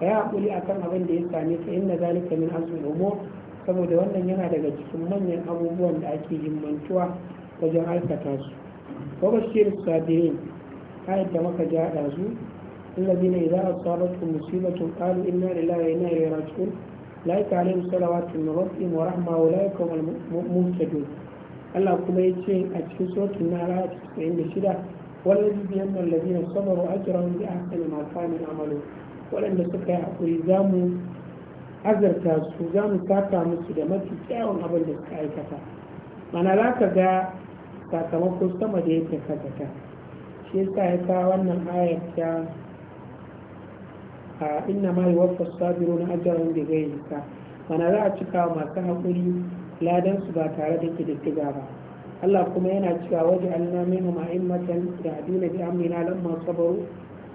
ka yi haƙuri akan abin da ya same ka inna zalika min azmi umur saboda wannan yana daga cikin manyan abubuwan da ake himmantuwa wajen aikata su wabashir sabirin kayan da maka ja da allazi ne za a tsara su musibatun kalu inna lillahi inna ilaihi raji'un laika alaihi salawatu min rabbihim wa rahma wa laika wal mumtadun Allah kuma ya ce a cikin sokin na ra'a cikin da shida wallazi bi yamma allazi sabaru ajran bi ahsani ma kanu amalu Waɗanda suka yi hakuri zamu azarta su za mu saka musu da mafi kyawun abin da suka aikata mana za ka ga sakamakon sama da yake kakata shi yasa ya sa wannan ayar ta a inna ma yuwaffa sabiru na ajaran da zai yasa mana za a cika masu haƙuri ladan su ba tare da da ba Allah kuma yana cewa waje alna minhum a'immatan da aduna bi amina lamma sabaru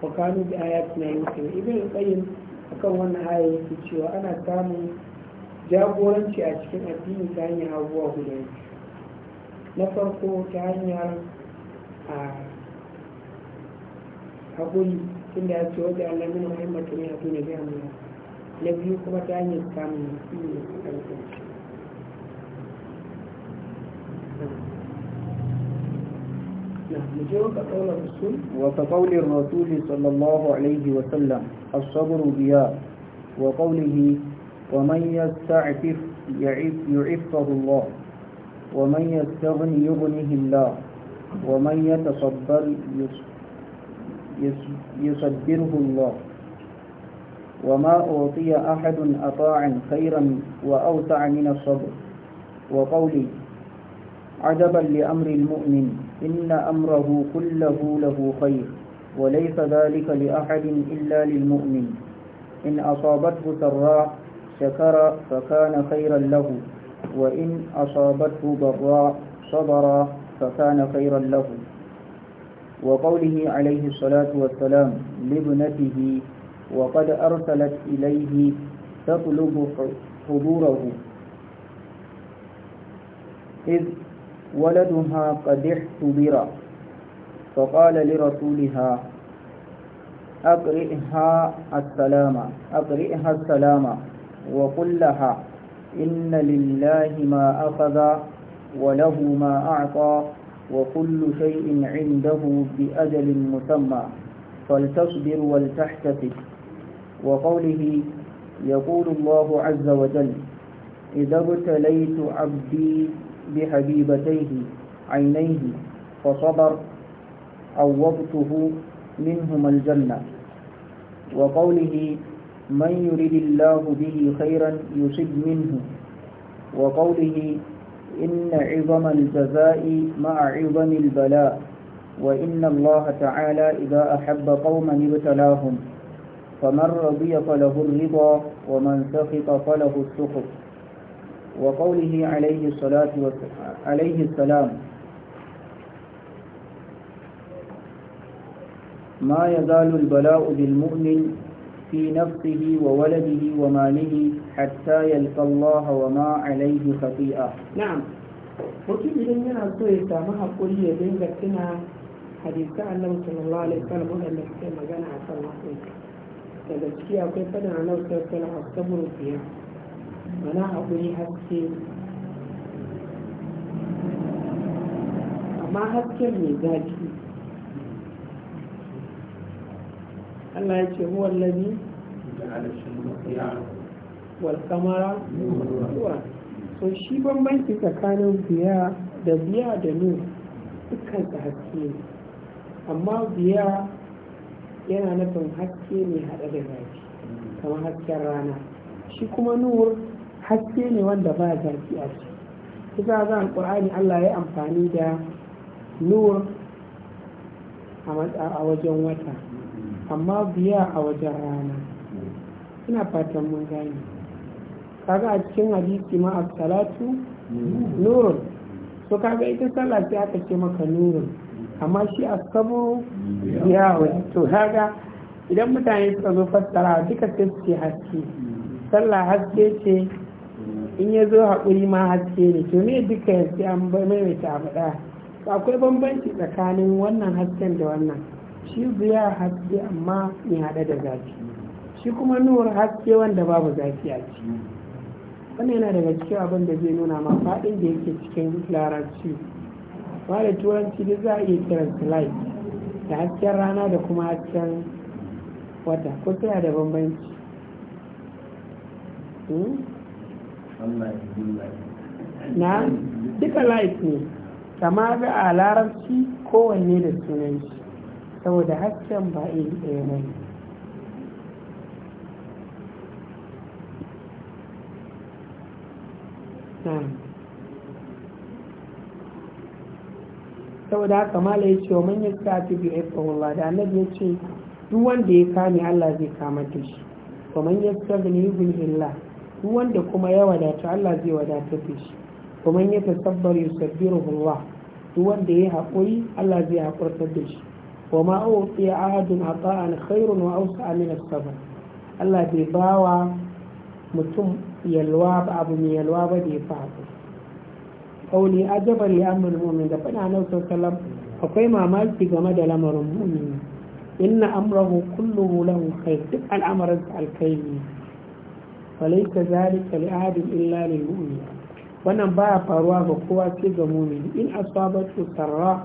wa kanu bi ayatina yuqinun ibn qayyim akan wannan aya yake cewa ana samun jagoranci a cikin addini ta hanyar abubuwa guda biyu na farko ta hanyar a haƙuri inda ya ce wajen Allah min muhimmanci ne haƙuri ne zai na biyu kuma ta hanyar samun mutum ne a ƙarfi نعم، وكقول الرسول صلى الله عليه وسلم الصبر ضياء وقوله ومن يستعفف يعفه الله ومن يستغني يغنه الله ومن يتصبر يصبره الله وما أعطي أحد أطاع خيرا وأوسع من الصبر وقولي عجبا لأمر المؤمن إن أمره كله له خير وليس ذلك لأحد إلا للمؤمن إن أصابته سراء شكر فكان خيرا له وإن أصابته ضراء صبر فكان خيرا له وقوله عليه الصلاة والسلام لابنته وقد أرسلت إليه تطلب حضوره إذ ولدها قد احتضر فقال لرسولها أقرئها السلام أقرئها السلام وقل لها إن لله ما أخذ وله ما أعطى وكل شيء عنده بأجل مسمى فلتصبر ولتحتسب وقوله يقول الله عز وجل إذا ابتليت عبدي بحبيبتيه عينيه فصبر عوضته منهما الجنة وقوله من يريد الله به خيرا يصب منه وقوله إن عظم الجزاء مع عظم البلاء وإن الله تعالى إذا أحب قوما ابتلاهم فمن رضي فله الرضا ومن سخط فله السخط وقوله عليه الصلاة والسلام عليه السلام ما يزال البلاء بالمؤمن في نفسه وولده وماله حتى يلقى الله وما عليه خطيئة نعم وكي إذن يا عبدو إسامة أقولي يدين بكنا حديثة أنه صلى الله عليه وسلم أنه صلى الله عليه وسلم أنه صلى الله عليه وسلم أنه صلى الله عليه وسلم أنه صلى الله mana haƙuri haske amma haske mai zafi Allah ya ce huwa lami wal so shi bambanci tsakanin biya da biya da nur dukkan ta haske ne amma biya yana nufin haske mai haɗe da zafi kamar hasken rana shi kuma nur haske ne wanda ba zarfi a ciki kusa za a ƙur'ani Allah ya amfani da nur a wajen wata amma biya a wajen rana ina fatan mun gane kaga a cikin hadisi ma a salatu nurun to kaga ita sallah sai aka ce maka nurun amma shi a sabo biya wajen to kaga idan mutane suka zo fassara duka sai su ce haske sallah haske ce in ya zo haƙuri ma haske ne to ne duka yasi an maimaita abu ɗaya akwai bambanci tsakanin wannan hasken da wannan shi ziya haske amma mai haɗe da zafi shi kuma nuwar haske wanda babu zafi a ciki wannan yana daga cikin abin da zai nuna ma faɗin da yake cikin larabci ba da turanci da za a iya kiran light da hasken rana da kuma hasken wata ko da bambanci hmm? na duka laif ne kama ga a larabci kowanne da sunan shi saboda hasken ba iri ɗaya ba saboda haka mala ya ce wa manyan biyu bi Allah da annabi ya ce duk wanda ya kame Allah zai kama da shi wa manyan sa'afi ne yi illa wanda kuma ya wadata Allah zai wadatar da shi kuma ya tasabbar yusabbiru Allah duk wanda ya haƙuri Allah zai haƙurtar da shi wa ma uqiya ahadun ata'an khairun wa awsa min as Allah bai bawa mutum yalwa ba abu mai yalwa ba da ya kauli ajabar ya amrul mu'min da fada nan sallallahu akwai mamaki game da lamarin mumin inna amrahu kulluhu lahu khair duk al alkhairi falaita zalika li ahadin illa lil mu'min wannan baya faruwa ga kowa sai ga mu'mini in asabatu sarra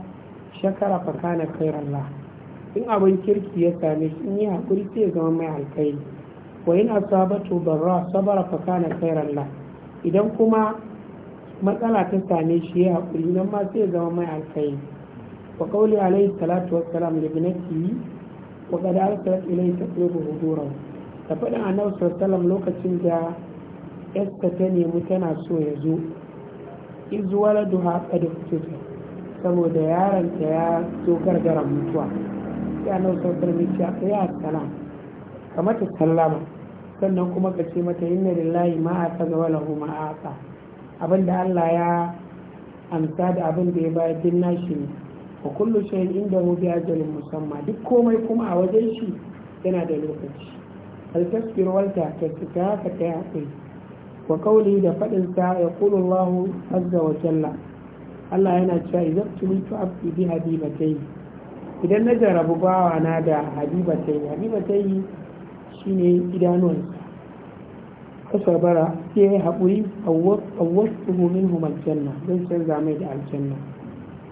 shakara fa kana khairan la in abin kirki ya same shi in yi hakuri sai ya zama mai alkai wa in asabatu barra sabara fa kana khairan la idan kuma matsala ta same shi ya hakuri nan ma sai ya zama mai alkai wa qawli alayhi salatu wassalam li ibnatihi wa qad arsalat ilayhi taqribu huduran faɗi faɗin annabi sallallahu lokacin da yasta ta nemi tana so ya zo wala duha kada fito saboda yaron ta ya zo gargara mutuwa ya annabi mai alaihi wasallam ya salam kamar ta sallama sannan kuma ka ce mata inna lillahi ma ta ga walahu ma aka abinda Allah ya amsa da abin da ya bayar din nashi ne wa kullu shay'in inda mu biya ajalin musamman. duk komai kuma a wajen shi yana da lokaci التسكر والتعتس كهاكتي وقولي ده فإنسا يقول الله عز وجل Allah yana cewa idan tulitu abdi bi habibatai idan na jarabu bawa na da habibatai habibatai shine idanuwansa kasabara sai ya haƙuri awwasu min aljanna zan canza mai da aljanna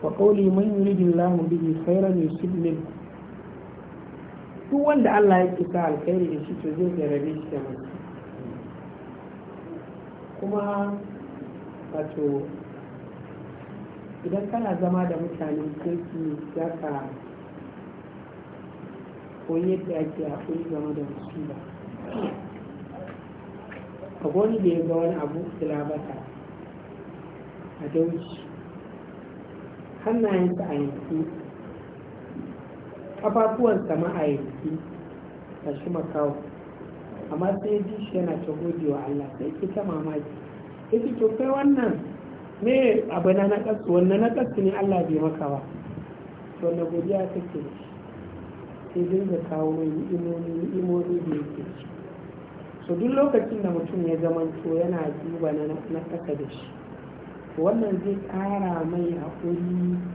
wa qawli man yuridu Allahu bihi khairan yusib minhu duk wanda Allah yake ka alkhairi da shi to zai jarabe shi da mutu kuma wato idan kana zama da mutane kirki za ka koyi yadda ake haƙuri zama da ba a wani da ya ga wani abu labata a dauci hannayensa a yanki kafafuwansa ma'aiki ta shi makawo amma sai ji shi yana ta gode wa Allah sai ke ta mamaki yake to kai wannan me abu na nakasu wannan nakasu ne Allah bai maka ba to na godiya take da shi sai da kawo mai imoni imoni da yake ci so duk lokacin da mutum ya to yana duba na nakasa da shi wannan zai kara mai haƙuri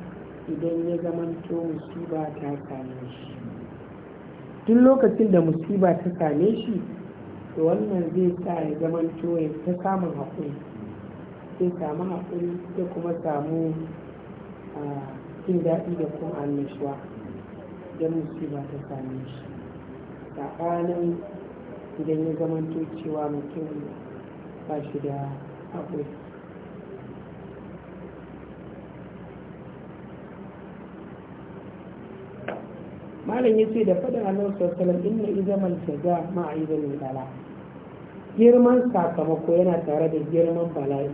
idan ya zamanto musiba ta same shi duk lokacin da musiba ta same shi to wannan zai sa ya zamanto ya ta samun haƙuri zai samu haƙuri zai kuma samu jin daɗi da kuma annashuwa idan musiba ta same shi tsakanin idan ya zamanto cewa mutum ba shi da haƙuri malam ce da fadin Allah sallallahu alaihi wasallam inna izamal jaza ma'a izamil bala girman sakamako yana tare da girman bala'i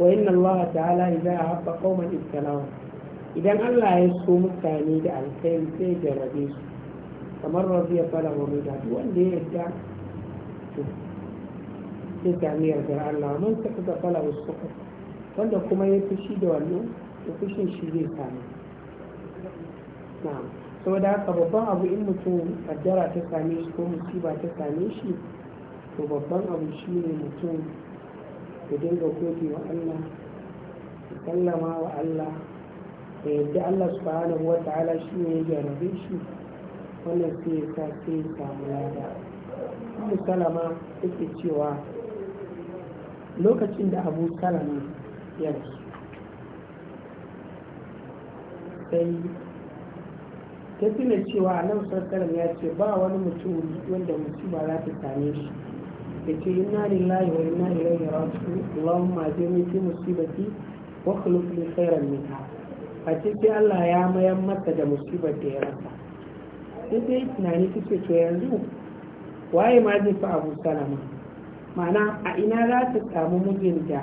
wa inna Allah ta'ala idza habba qauman ibtalahu idan Allah ya so mutane da alkhairi sai jarrabe su kamar rabiya fara wani da wanda ya yarda to sai ta miyar da Allah Mun saka fala wasu wanda kuma ya fushi da wannan ya fushin shi zai sami saboda haka babban abu in mutum kaddara ta same shi ko musiba ta same shi to babban abu shi ne mutum ya dinga gode wa Allah ya sallama wa Allah da yadda Allah subhanahu wa ta'ala shi ne ya jarabe shi wannan sai ya sa sai ya samu lada Abu Salama yake cewa lokacin da Abu Salama ya sai ta tuna cewa nan sarkarar ya ce ba wani mutum wanda musiba za ta same shi ya ce inna lillahi wa inna ilaihi raji'un ma ajirni fi musibati wa khuluf li khairan minha a cikin Allah ya mayan mata da musibar da ya rasa sai dai tunani take to yanzu waye ma zai fi abu salama ma'ana a ina za ta samu mijin da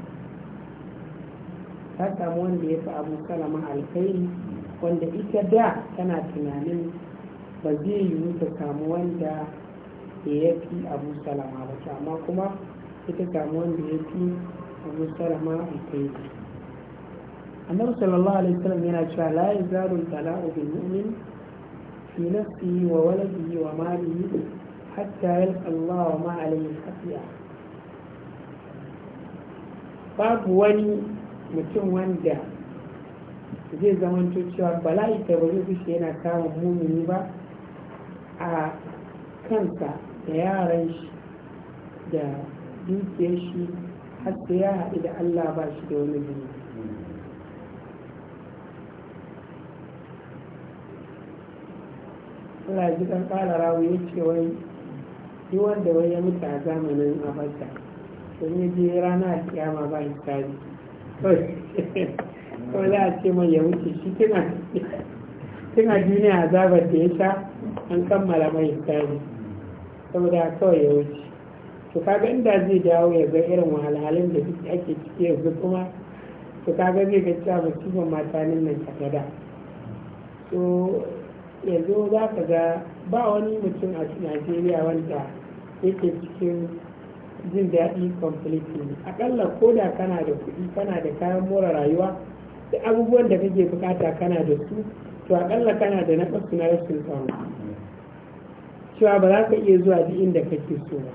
ta samu wanda ya fi abu salama alkhairi wanda ita da tana tunanin ba zai yiwu ta samu wanda ya fi abu salama ba amma kuma ita samu wanda ya fi abu salama alkhairi annabi sallallahu alaihi wasallam yana cewa la yazalu tala'u bil mu'min fi nafsihi wa waladihi wa malihi hatta yalqa Allah wa ma alayhi babu wani mutum wanda zai zamanto cewa bala'i ta ba zai fushi yana kawo mumini ba a kansa da yaran shi da dukiyar shi har sai ya haɗu da Allah ba shi da wani jini Allah ji ɗan ƙara rawu ya ce wai yi wanda wai ya mutu a zamanin abarta don ya je rana a kiyama ba hisabi kawai za a ce mai ya wuce shi a duniya a zabar da ya sha an kammala mai tsari saboda kawai ya wuce to kaga inda zai dawo ya ga irin wahalhalin da duk ake ciki yanzu kuma to kaga zai ga cewa mata matanin nan ta gada to yanzu za ka ga ba wani mutum a najeriya wanda yake cikin jin daɗi completely aƙalla ko da kana da kuɗi kana da kayan more rayuwa da abubuwan da kake bukata kana da su to akalla kana da na ƙasu na rashin samu cewa ba za ka iya zuwa duk inda kake so ba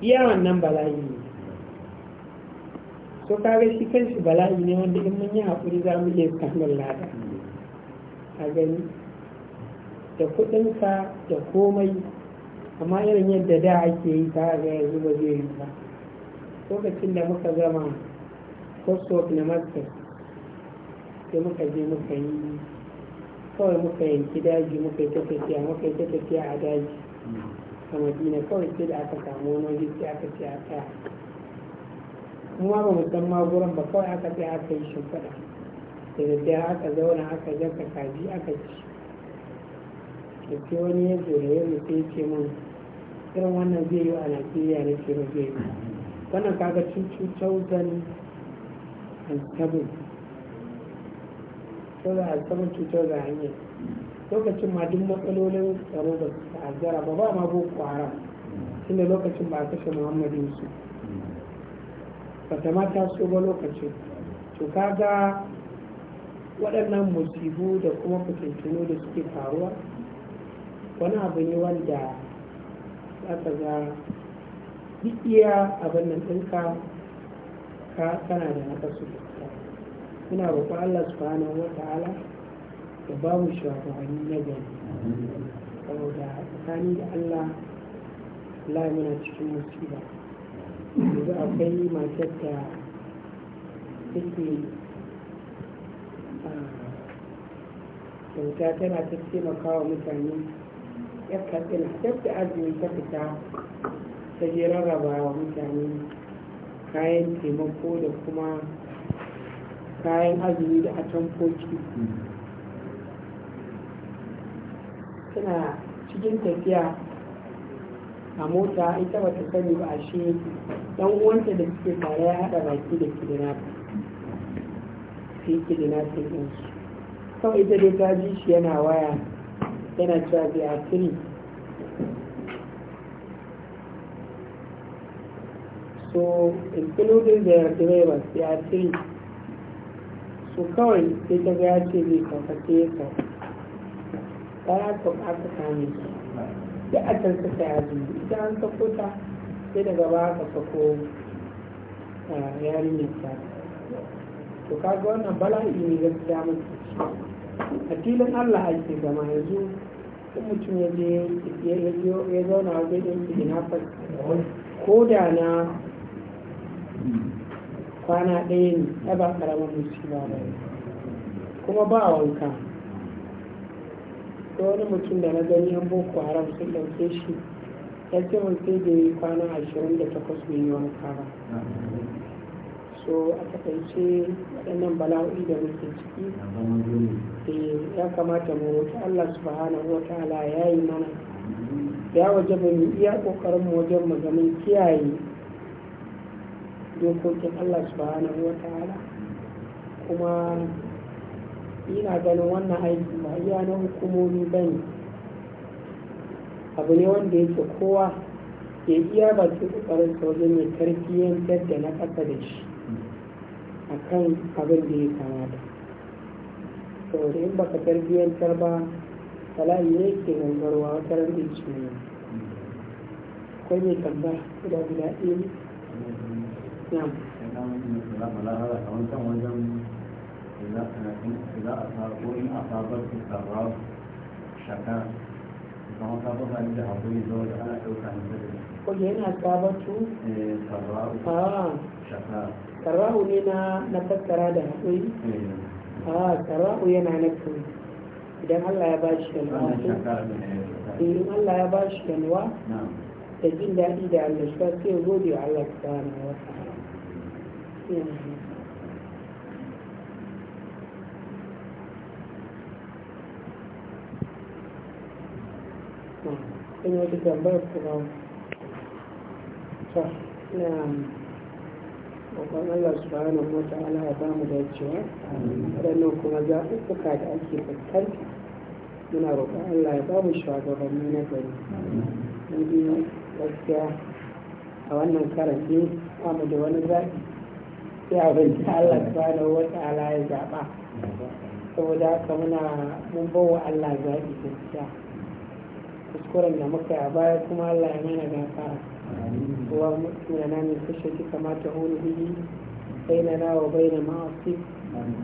iya wannan bala'i ne to kaga shi kanshi bala'i ne wanda in mun yi haƙuri za mu iya samun lada a gani da kuɗinka da komai amma irin yadda da ake yi ta ga yanzu ba zai yi ba lokacin da muka gama coursework na master sai muka je muka yi kawai muka yanki daji muka yi ta tafiya muka yi ta tafiya a daji a madina kawai sai da aka samu wani waje sai aka ce a tsaya kuma ba mu san maguran ba kawai aka tsaya aka yi shimfiɗa da daddare aka zauna aka jaka kaji aka ci da ke wani ya zo da yanzu sai ce mun irin wannan zai yi a najeriya ne ke zai wannan kaga cin 2007 saboda a saman cutar da hanyar lokacin ma duk matsalolin tsaro da su ta'azzara ba ba ma boko haram tunda lokacin ba a kashe muhammadin su ba ta mata su ba lokacin to kaga waɗannan musibu da kuma fitintunu da suke faruwa wani abu ne wanda aka ga duk iya abin nan ɗinka ka tana da haka su ina roƙo Allah subhanahu wa ta'ala da ba mu shugabanni na gari saboda tsakani da Allah Allah muna cikin musiba yanzu akwai matar da take ah, kyauta tana ta taimaka wa mutane ya katsina azumi ta fita ta je rarraba wa mutane kayan taimako da kuma kayan azumi da atamfoki Tana cikin tafiya a mota ita bata sani ba ashe. shi dan uwanta da suke tare ya hada baki da kidnapping sai kawai ita dai ta ji shi yana waya yana cewa bi kiri so including their drivers they are three so kawai sai ta gaya ce zai kamface ya sau ta ya ka aka kame shi a can suka ya zuwa ita an sako ta sai daga ba aka sako ah, yarinyar ta to kaga wannan bala'i ne gaskiya mutu a filin allah ake zama yanzu in mutum ya je ya zauna a wajen su ko da na kwana ɗaya ne ya ba ƙaramin musiba ba kuma ba wanka ko wani mutum da na gani an boko haram sun ɗauke shi ya ce mun sai da yi kwana ashirin da takwas bai yi wanka ba so a takaice waɗannan bala'o'i da muke ciki eh, ya kamata mu roƙi Allah subhanahu wa ta'ala ya yi mana ya waje ba mu iya ƙoƙarin mu wajen maganin kiyaye dokokin Allah subhanahu wa ta'ala kuma ina ganin wannan aiki ba iya na hukumomi ba ne abu ne wanda yake kowa ya iya ba su ƙoƙarin sauzin mai tarbiyyantar da na ƙasa da shi a kan abin da ya kamata saboda in baka tarbiyyantar ba bala'i ne ke gangarwa wata ran da ne akwai mai tamba guda guda ɗaya ne na za a sa ko in a sabar su sabra shaka kuma ka ba da hakuri zuwa da ana ɗauka ne da ko yana sabatu eh, sabra ah. shaka karahu ne na na fassara da haƙuri eh. a ah, karahu yana na kuri idan Allah ya ba shi kanwa eh, in Allah ya ba shi da jin daɗi da Allah shi sai gode wa Allah ta na wata Thank wata tambayar kuma ta Kuma Allah subhanahu wa ta'ala ya bamu dacewa waɗannan kuma zaɓuɓɓuka da ake fuskanta muna roƙon Allah ya bamu shugabanni na gari don biyu gaskiya a wannan karan ne mu da wani zaɓi sai abin da Allah subhanahu wa ta'ala ya zaɓa saboda haka muna mun bawa Allah zaɓi gaskiya kuskuren da muka yi a baya kuma Allah ya mana gafara اللهم اكفر لنا من خشيتك ما تهون به بيننا وبين معاصيك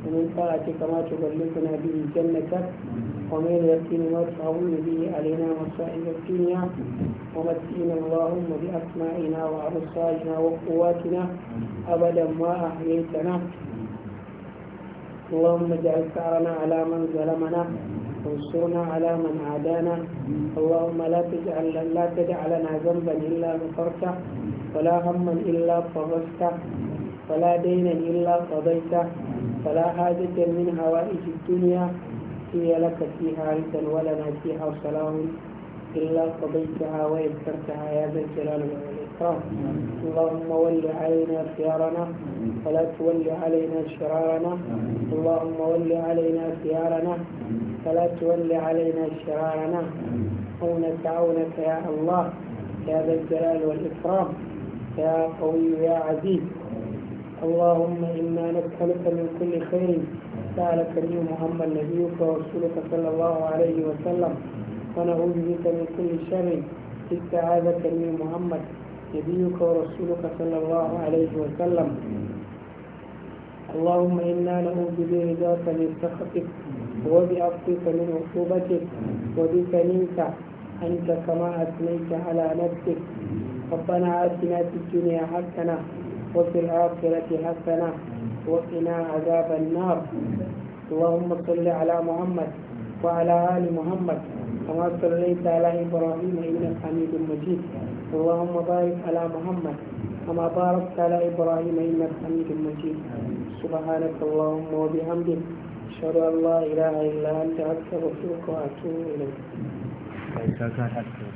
ومن طاعتك ما تبلغنا به جنتك ومن اليقين ما تعون به علينا مصائب الدنيا ومتئنا اللهم بأسمائنا وأبصارنا وقواتنا أبدا ما أحييتنا اللهم اجعل ثارنا على من ظلمنا وانصرنا على من عادانا اللهم لا تجعل لا تدع لنا ذنبا الا غفرته ولا هما الا فرجته ولا دينا الا قضيته ولا حاجة من هوائج الدنيا هي لك فيها عز ولنا فيها صلاة إلا قضيتها ويسرتها يا ذا الجلال والإكرام اللهم ول علينا خيارنا ولا تول علينا شرارنا اللهم ول علينا خيارنا ولا تول علينا شرارنا عونك عونك يا الله يا ذا الجلال والإكرام يا قوي يا عزيز اللهم إنا نسألك من كل خير سألك لي محمد نبيك ورسولك صلى الله عليه وسلم ونعوذ بك من كل شر استعاذك من محمد نبيك ورسولك صلى الله عليه وسلم اللهم إنا نعوذ برضاك من سخطك وبعفوك من عقوبتك وبك منك أنت كما أثنيت على نفسك ربنا آتنا في الدنيا حسنة وفي الآخرة حسنة وقنا عذاب النار اللهم صل على محمد وعلى آل محمد كما صليت على إبراهيم إنك حميد مجيد اللهم بارك على محمد كما باركت على إبراهيم إنك حميد مجيد سبحانك اللهم وبحمدك أشهد أن لا إله إلا أنت أستغفرك وأتوب إليك